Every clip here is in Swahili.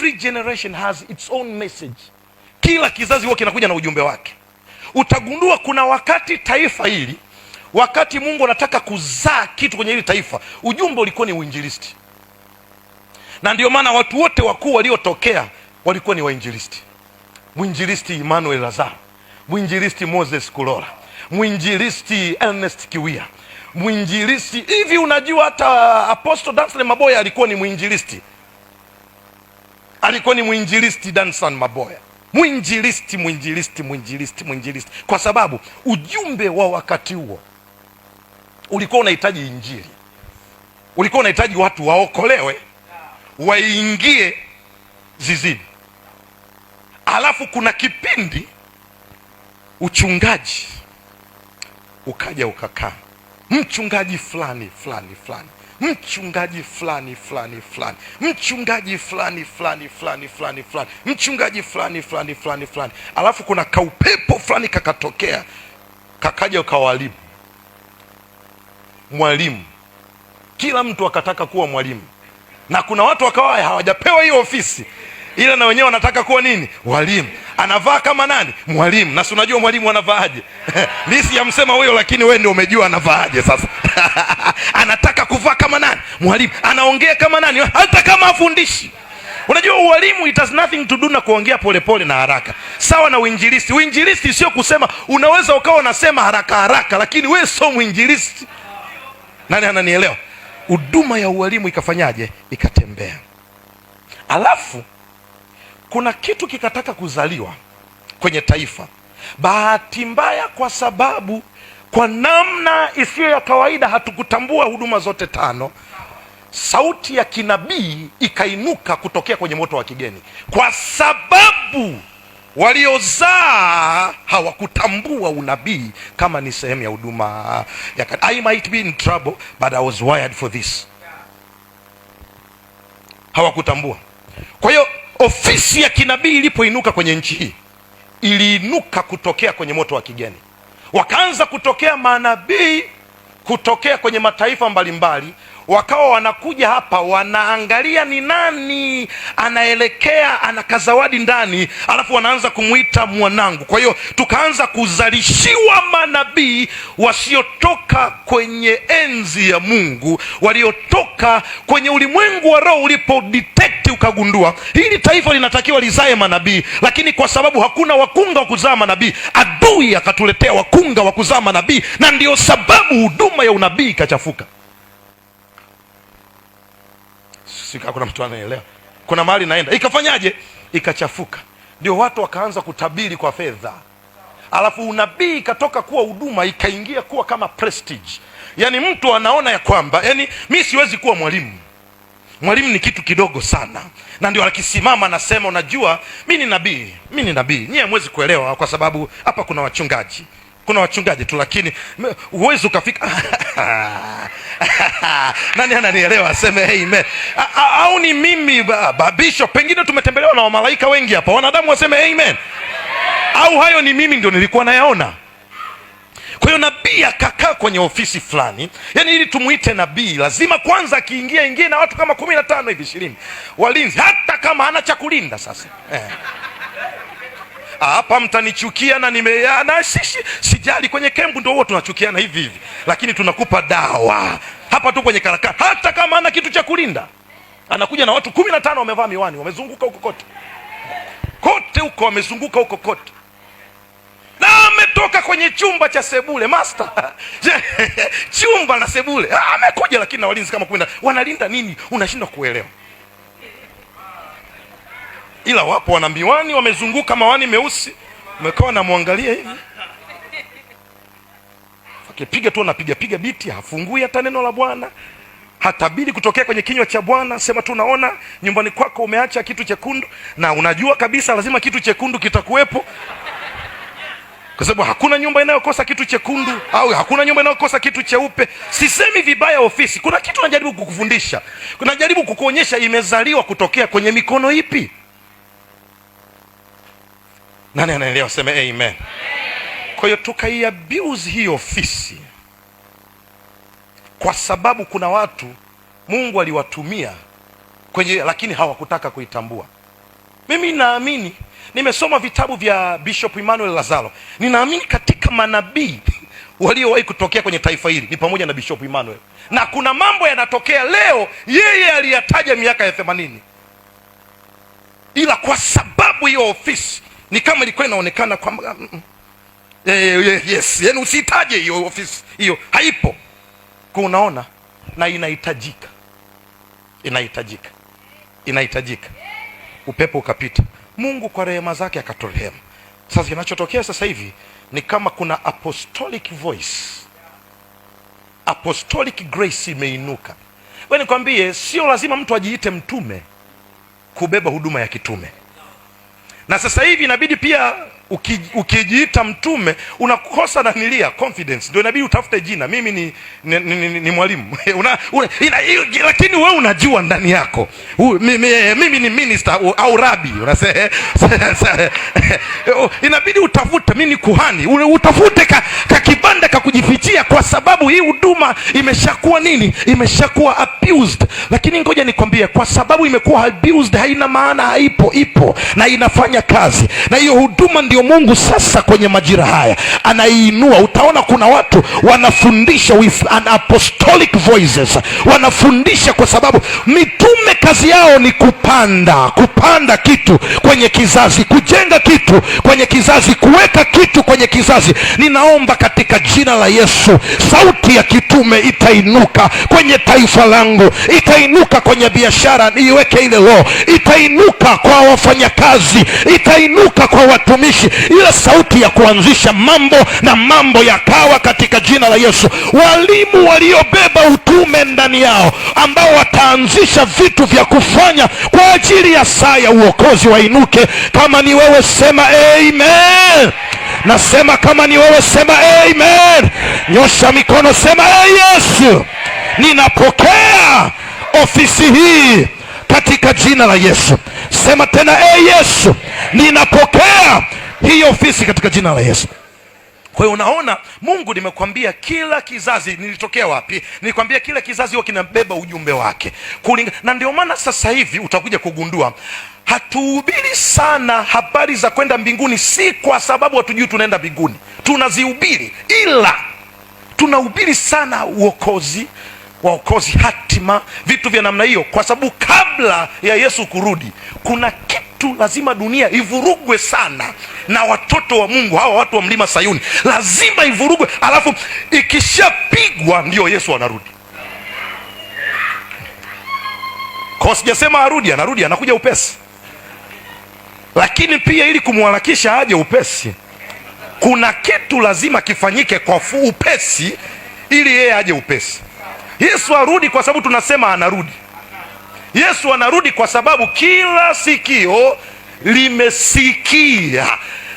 Every generation has its own message. Kila kizazi huwa kinakuja na ujumbe wake. Utagundua kuna wakati taifa hili, wakati Mungu anataka kuzaa kitu kwenye hili taifa, ujumbe ulikuwa ni uinjilisti, na ndio maana watu wote wakuu waliotokea walikuwa ni wainjilisti. Mwinjilisti Emmanuel Lazaro, mwinjilisti Moses Kulola, mwinjilisti Ernest Kiwia, mwinjilisti hivi. Unajua hata Apostle Dunstan Maboya alikuwa ni mwinjilisti alikuwa ni mwinjilisti Dansan Maboya, mwinjilisti mwinjilisti mwinjilisti mwinjilisti, kwa sababu ujumbe wa wakati huo ulikuwa unahitaji Injili, ulikuwa unahitaji watu waokolewe, waingie zizini. Alafu kuna kipindi uchungaji ukaja ukakaa mchungaji fulani fulani fulani mchungaji fulani fulani fulani, mchungaji fulani fulani fulani fulani fulani, mchungaji fulani fulani fulani fulani, alafu kuna kaupepo fulani kakatokea, kakaja kawalimu mwalimu, kila mtu akataka kuwa mwalimu, na kuna watu wakawa hawajapewa hiyo ofisi ila na wenyewe wanataka kuwa nini? Walimu. Anavaa kama nani? Mwalimu. Na si unajua mwalimu anavaaje? Lisi ya huyo, lakini wewe ndio umejua anavaaje sasa. mwalimu anaongea kama nani, hata kama afundishi. Unajua, uwalimu it has nothing to do na kuongea polepole na haraka, sawa na uinjilisti. Uinjilisti sio kusema, unaweza ukawa unasema haraka haraka, lakini we sio mwinjilisti. Nani ananielewa? Huduma ya uwalimu ikafanyaje? Ikatembea. Alafu kuna kitu kikataka kuzaliwa kwenye taifa. Bahati mbaya, kwa sababu kwa namna isiyo ya kawaida hatukutambua huduma zote tano sauti ya kinabii ikainuka kutokea kwenye moto wa kigeni, kwa sababu waliozaa hawakutambua unabii kama ni sehemu ya huduma I might be in trouble but I was wired for this. Hawakutambua. Kwa hiyo ofisi ya kinabii ilipoinuka kwenye nchi hii, iliinuka kutokea kwenye moto wa kigeni, wakaanza kutokea manabii kutokea kwenye mataifa mbalimbali mbali, wakawa wanakuja hapa wanaangalia ni nani anaelekea anakazawadi ndani, alafu wanaanza kumwita mwanangu. Kwa hiyo tukaanza kuzalishiwa manabii wasiotoka kwenye enzi ya Mungu, waliotoka kwenye ulimwengu wa roho. Ulipo detekti ukagundua hili taifa linatakiwa lizae manabii, lakini kwa sababu hakuna wakunga wa kuzaa manabii, adui akatuletea wakunga wa kuzaa manabii, na ndiyo sababu huduma ya unabii ikachafuka. hakuna mtu anaelewa, kuna mahali naenda, ikafanyaje? Ikachafuka, ndio watu wakaanza kutabiri kwa fedha, alafu unabii ikatoka kuwa huduma, ikaingia kuwa kama prestige. Yani mtu anaona ya kwamba yani, mi siwezi kuwa mwalimu mwalimu ni kitu kidogo sana, na ndio akisimama anasema, unajua mi ni nabii, mi ni nabii, nyie hamwezi kuelewa, kwa sababu hapa kuna wachungaji kuna wachungaji tu, lakini huwezi ukafika nani ananielewa aseme amen? Au ni mimi babisho? Pengine tumetembelewa na wamalaika wengi hapa, wanadamu waseme amen? Au hayo ni mimi ndio nilikuwa nayaona? Kwa hiyo nabii akakaa kwenye ofisi fulani, yani ili tumuite nabii lazima kwanza akiingia ingie na watu kama kumi na tano hivi ishirini walinzi, hata kama ana cha kulinda sasa eh hapa mtanichukia na nimeana sisi sijali. Kwenye kembu ndio huo tunachukiana hivi hivi, lakini tunakupa dawa hapa tu kwenye karakana, hata kama ana kitu cha kulinda. Anakuja na watu kumi na tano wamevaa miwani, wamezunguka huko kote kote huko, wamezunguka huko kote na ametoka kwenye chumba cha sebule master chumba na sebule ah, amekuja, lakini na walinzi kama kumi, wanalinda nini? Unashindwa kuelewa ila wapo wana miwani wamezunguka mawani meusi, umekaa wanamwangalia hivi akipiga tu anapiga piga biti, hafungui hata neno la Bwana, hatabidi kutokea kwenye kinywa cha Bwana. Sema tu unaona nyumbani kwako umeacha kitu chekundu, na unajua kabisa lazima kitu chekundu kitakuwepo, kwa sababu hakuna nyumba inayokosa kitu chekundu, au hakuna nyumba inayokosa kitu cheupe. Sisemi vibaya ofisi, kuna kitu najaribu kukufundisha, najaribu kukuonyesha imezaliwa kutokea kwenye mikono ipi. Nani anaelewa? Sema amen, amen. Kwa hiyo tukaiabuse hii ofisi kwa sababu kuna watu Mungu aliwatumia kwenye, lakini hawakutaka kuitambua. Mimi naamini nimesoma vitabu vya Bishop Emmanuel Lazaro, ninaamini katika manabii waliowahi kutokea kwenye taifa hili ni pamoja na Bishop Emmanuel, na kuna mambo yanatokea leo yeye aliyataja miaka ya themanini, ila kwa sababu hiyo ofisi ni kama ilikuwa inaonekana kwamba mm, mm. eh, yes, yani usihitaje hiyo ofisi hiyo, haipo unaona na inahitajika, inahitajika, inahitajika. Upepo ukapita, Mungu kwa rehema zake akaturehema. Sasa kinachotokea sasa hivi ni kama kuna apostolic voice, apostolic grace imeinuka. We nikwambie, sio lazima mtu ajiite mtume kubeba huduma ya kitume na sasa hivi inabidi pia ukijiita mtume unakosa nanilia confidence, ndio inabidi utafute jina. Mimi ni, ni, ni, ni, ni mwalimu lakini we unajua ndani yako u, mimi, eh, mimi ni minister u, au rabi inabidi utafute, mimi ni kuhani, utafute ka, ka kibanda ka kujifichia, kwa sababu hii huduma imeshakuwa nini, imeshakuwa abused. Lakini ngoja nikwambie, kwa sababu imekuwa abused, haina maana haipo, ipo na inafanya kazi, na hiyo huduma ndio ndio Mungu sasa kwenye majira haya anaiinua. Utaona kuna watu wanafundisha with an apostolic voices, wanafundisha kwa sababu mitume kazi yao ni kupanda, kupanda kitu kwenye kizazi, kujenga kitu kwenye kizazi, kuweka kitu kwenye kizazi. Ninaomba katika jina la Yesu, sauti ya kitume itainuka kwenye taifa langu, itainuka kwenye biashara, niiweke ile lo, itainuka kwa wafanyakazi, itainuka kwa watumishi ile sauti ya kuanzisha mambo na mambo yakawa katika jina la Yesu. Walimu waliobeba utume ndani yao ambao wataanzisha vitu vya kufanya kwa ajili ya saa ya uokozi wainuke. Kama ni wewe sema amen. Nasema kama ni wewe sema amen. Nyosha mikono sema hey, Yesu ninapokea ofisi hii katika jina la Yesu. Sema tena, e Yesu, ninapokea hiyo ofisi katika jina la Yesu. Kwa hiyo unaona, Mungu nimekwambia kila kizazi, nilitokea wapi? Nilikwambia kila kizazi huwa kinabeba ujumbe wake kulinga, na ndio maana sasa hivi utakuja kugundua hatuhubiri sana habari za kwenda mbinguni, si kwa sababu hatujui tunaenda mbinguni, tunazihubiri, ila tunahubiri sana uokozi waokozi, hatima, vitu vya namna hiyo, kwa sababu kabla ya Yesu kurudi kuna kitu lazima dunia ivurugwe sana na watoto wa Mungu hawa watu wa mlima Sayuni, lazima ivurugwe, alafu ikishapigwa ndio Yesu anarudi. Kwa sijasema arudi, anarudi, anakuja upesi, lakini pia ili kumharakisha aje upesi, kuna kitu lazima kifanyike kwa upesi, ili yeye aje upesi. Yesu arudi kwa sababu tunasema anarudi. Yesu anarudi kwa sababu kila sikio limesikia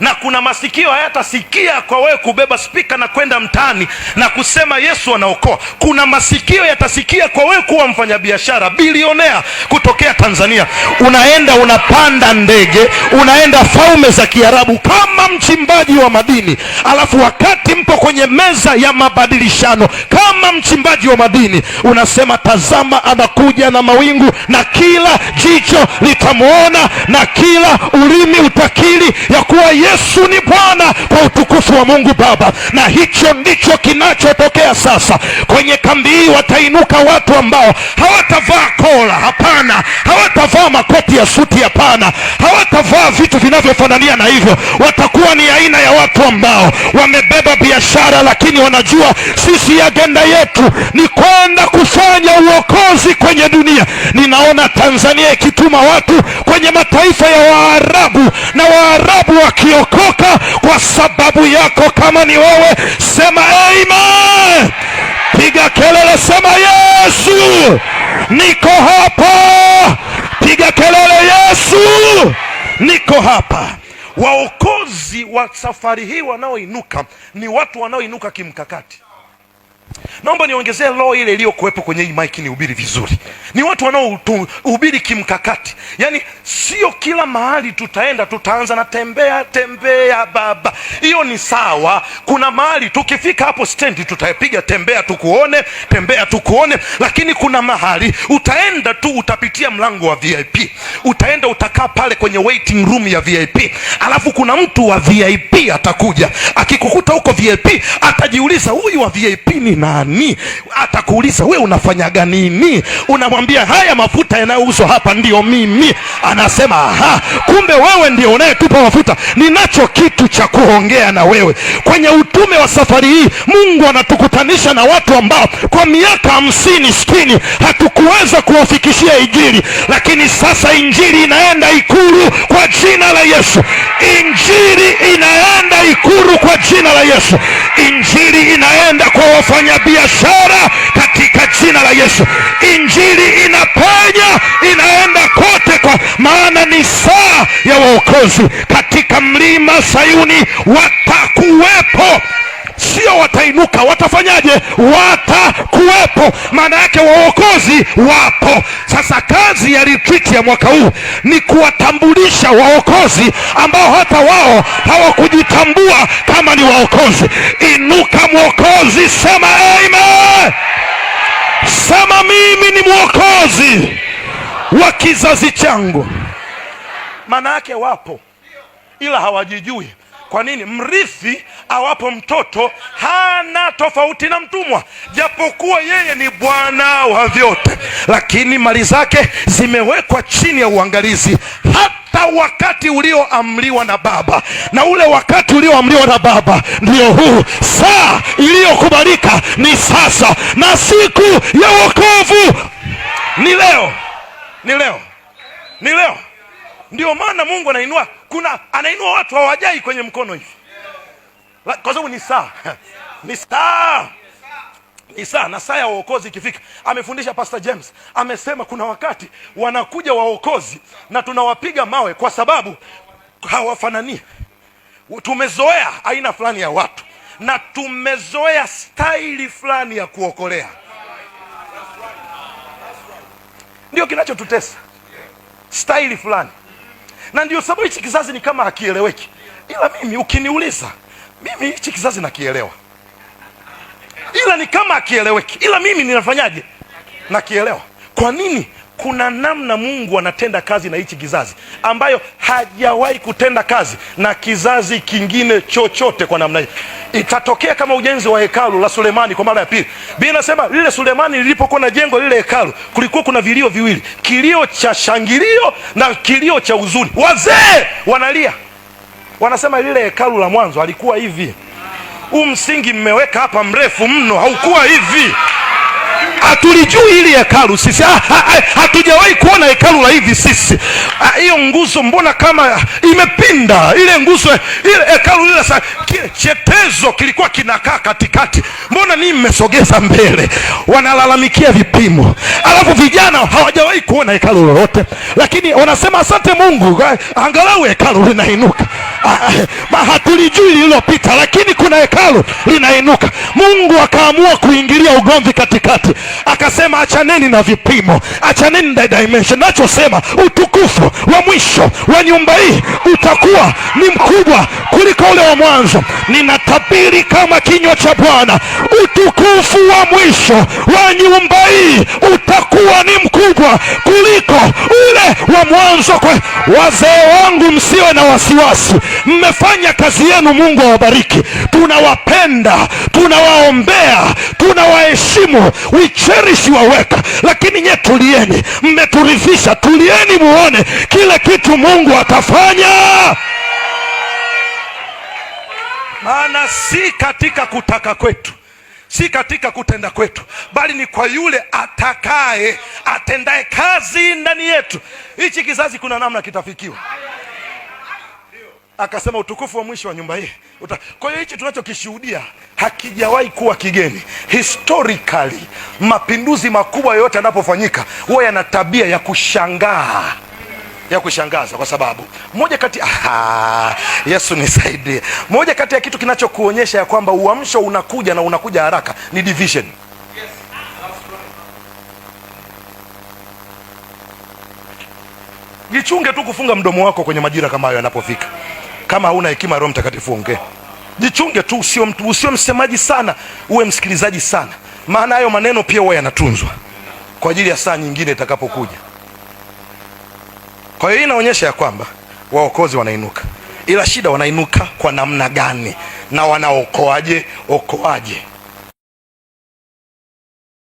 na kuna masikio hayatasikia kwa wewe kubeba spika na kwenda mtaani na kusema Yesu anaokoa. Kuna masikio yatasikia kwa wewe kuwa mfanyabiashara bilionea kutokea Tanzania, unaenda unapanda ndege, unaenda faume za Kiarabu kama mchimbaji wa madini, alafu wakati mpo kwenye meza ya mabadilishano kama mchimbaji wa madini unasema, tazama anakuja na mawingu, na kila jicho litamwona na kila ulimi utakili ya kuwa Yesu ni Bwana kwa utukufu wa Mungu Baba, na hicho ndicho kinachotokea sasa. Kwenye kambi hii watainuka watu ambao hawatavaa kola, hapana, hawatavaa makoti ya suti, hapana, hawata wakavaa vitu vinavyofanania na hivyo, watakuwa ni aina ya watu ambao wamebeba biashara, lakini wanajua sisi agenda yetu ni kwenda kufanya uokozi kwenye dunia. Ninaona Tanzania ikituma watu kwenye mataifa ya Waarabu na Waarabu wakiokoka kwa sababu yako. Kama ni wewe, sema amen, piga kelele, sema Yesu, niko hapa, piga kelele Yesu niko hapa. Waokozi wa safari hii wanaoinuka ni watu wanaoinuka kimkakati. Naomba niongezee roho ile iliyokuwepo kwenye hii maiki ni ubiri vizuri. Ni watu wanaohubiri kimkakati, yaani sio kila mahali tutaenda tutaanza na tembea tembea baba. Hiyo ni sawa, kuna mahali tukifika hapo stendi tutapiga tembea tukuone, tembea tukuone, lakini kuna mahali utaenda tu utapitia mlango wa VIP, utaenda utakaa pale kwenye waiting room ya VIP, alafu kuna mtu wa VIP atakuja, akikukuta huko VIP atajiuliza huyu wa VIP ni ni nani? Atakuuliza we unafanyaga nini? Unamwambia haya mafuta yanayouzwa hapa ndio mimi. Anasema aha, kumbe wewe ndio unayetupa mafuta. Ninacho kitu cha kuongea na wewe kwenye utume wa safari hii. Mungu anatukutanisha na watu ambao kwa miaka hamsini sitini hatukuweza kuwafikishia Injili, lakini sasa Injili inaenda Ikulu kwa jina la Yesu. Injili inaenda Ikulu kwa jina la Yesu. Injili inaenda kwa wafanya kufanya biashara katika jina la Yesu. Injili inapenya inaenda kote, kwa maana ni saa ya waokozi Katika mlima Sayuni watakuwepo, sio watainuka, watafanyaje? wata maana yake waokozi wapo. Sasa kazi ya retreat ya mwaka huu ni kuwatambulisha waokozi ambao hata wao hawakujitambua kama ni waokozi. Inuka mwokozi, sema amen, sema mimi ni mwokozi wa kizazi changu. Maana yake wapo, ila hawajijui. Kwa nini? Mrithi awapo mtoto hana tofauti na mtumwa, japokuwa yeye ni bwana wa vyote, lakini mali zake zimewekwa chini ya uangalizi hata wakati ulioamriwa na baba, na ule wakati ulioamriwa na baba ndio huu. Saa iliyokubalika ni sasa, na siku ya wokovu ni leo, ni leo, ni leo. Ndio maana Mungu anainua kuna anainua watu hawajai kwenye mkono hivi, kwa sababu ni saa ni saa ni saa na saa ya waokozi ikifika. Amefundisha Pastor James, amesema kuna wakati wanakuja waokozi na tunawapiga mawe kwa sababu hawafanani. Tumezoea aina fulani ya watu na tumezoea staili fulani ya kuokolea, ndio kinachotutesa staili fulani na ndio sababu hichi kizazi ni kama hakieleweki, ila mimi ukiniuliza mimi hichi kizazi nakielewa, ila ni kama hakieleweki, ila mimi ninafanyaje? Nakielewa. Kwa nini? Kuna namna Mungu anatenda kazi na hichi kizazi ambayo hajawahi kutenda kazi na kizazi kingine chochote kwa namna hiyo. Itatokea kama ujenzi wa hekalu la Sulemani kwa mara ya pili. Biblia inasema lile Sulemani lilipokuwa na jengo lile hekalu, kulikuwa kuna vilio viwili, kilio cha shangilio na kilio cha huzuni. Wazee wanalia, wanasema lile hekalu la mwanzo alikuwa hivi, huu msingi mmeweka hapa mrefu mno, haukuwa hivi hatulijui hili hekalu sisi, ah, ah, ah, hatujawahi kuona hekalu la hivi sisi. Hiyo nguzo mbona kama imepinda ile nguzo, ile hekalu lile chetezo kilikuwa kinakaa katikati, mbona ni mmesogeza mbele? Wanalalamikia vipimo, alafu vijana hawajawahi kuona hekalu lolote, lakini wanasema asante Mungu, eh, angalau hekalu linainuka. Ah, hatulijui lililopita, lakini kuna hekalu linainuka. Mungu akaamua kuingilia ugomvi katikati, akasema achaneni na vipimo, achaneni na dimension. Nachosema utukufu wa mwisho wa nyumba hii utakuwa ni mkubwa kuliko ule wa mwanzo. Ninatabiri kama kinywa cha Bwana, utukufu wa mwisho wa nyumba hii utakuwa ni mkubwa kuliko ule wa mwanzo. Kwa wazee wangu, msiwe na wasiwasi mmefanya kazi yenu. Mungu awabariki. Tunawapenda, tunawaombea, tunawaheshimu, we cherish waweka, lakini nye tulieni, mmeturidhisha. Tulieni muone kile kitu Mungu atafanya, maana si katika kutaka kwetu si katika kutenda kwetu, bali ni kwa yule atakaye atendaye kazi ndani yetu. Hichi kizazi kuna namna kitafikiwa akasema utukufu wa mwisho wa nyumba hii. Kwa hiyo hichi tunachokishuhudia hakijawahi kuwa kigeni. Historically, mapinduzi makubwa yoyote yanapofanyika huwa yana tabia ya kushangaa ya kushangaza kwa sababu moja kati aha, Yesu nisaidie. Moja kati ya kitu kinachokuonyesha ya kwamba uamsho unakuja na unakuja haraka ni division. Yes, jichunge tu kufunga mdomo wako kwenye majira kama hayo yanapofika. Kama hauna hekima Roho Mtakatifu ongee. Jichunge tu, usio mtu, usio msemaji sana, uwe msikilizaji sana, maana hayo maneno pia huwa yanatunzwa kwa ajili ya saa nyingine itakapokuja. Kwa hiyo hii inaonyesha ya kwamba waokozi wanainuka, ila shida wanainuka kwa namna gani na wanaokoaje? Okoaje?